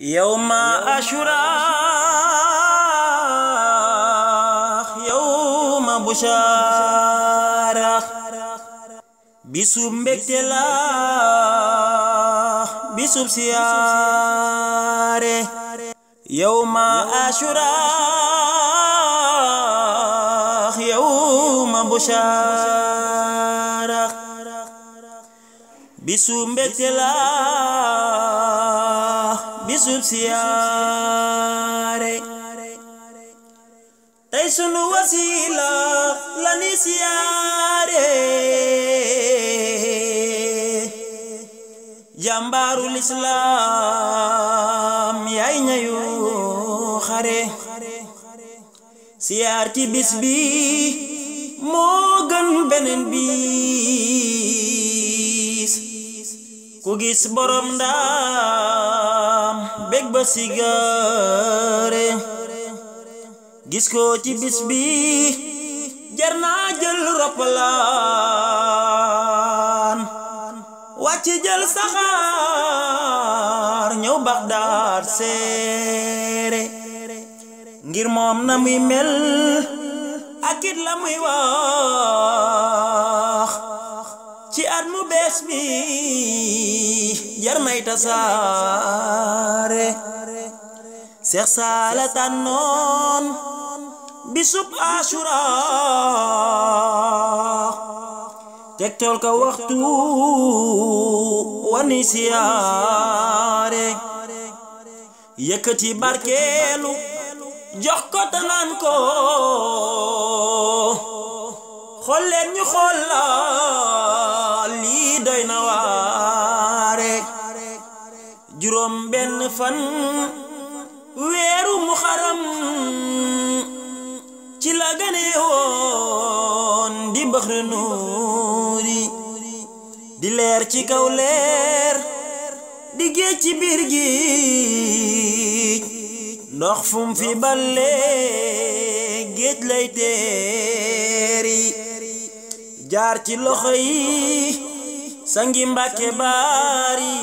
يوم أشراخ يوم بشارخ بسم بكتلا بسم سياره يوم أشراخ يوم بشارخ بسم بكتلا bisub tey sunu wasila la ni siyaare jàmbaarul islaam yaay ñayu xare siyaar ci bis bi moo gën beneen bis ku gis borom ndaa gis ko ci bis bi jar jël roppalaan wàcc jël saxaar ñëw Baxdaad seere ngir moom na muy mel akit la muy wax at mu bees mi jar may tasaare seex saala tànnoon bisub asura tegtal ka waxtu wani siyaare yëkkati barkeelu jox ko tanaan ko xool ñu xool doy juróom benn fan weeru muxaram ci la gane di bëxr di leer ci kaw leer di géej ci biir gi ndox fum fi balle géej lay teeri jaar ci loxo yi sangi mbàkke baari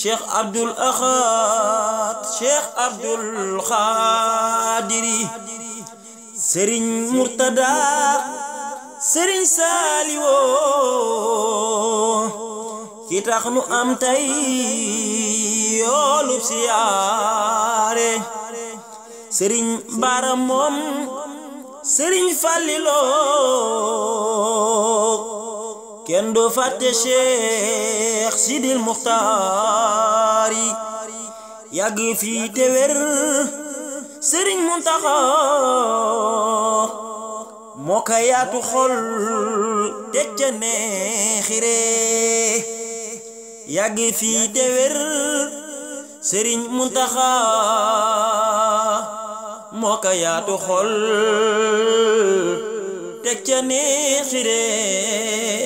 cheikh abdul axad cheikh abdul xaadiri sëriñ murtada sëriñ saaliwo ki nu am tey yoolub siyaare sëriñ bara moom sëriñ falliloo kenn du fàtte Cheikh Sidil Muxtaar yi yàgg fii te wér Sëriñ Muntaxa moo ko yaatu xol teg ca neexire yàgg fii te wér Sëriñ Muntaxa moo ko yaatu xol teg ca neexire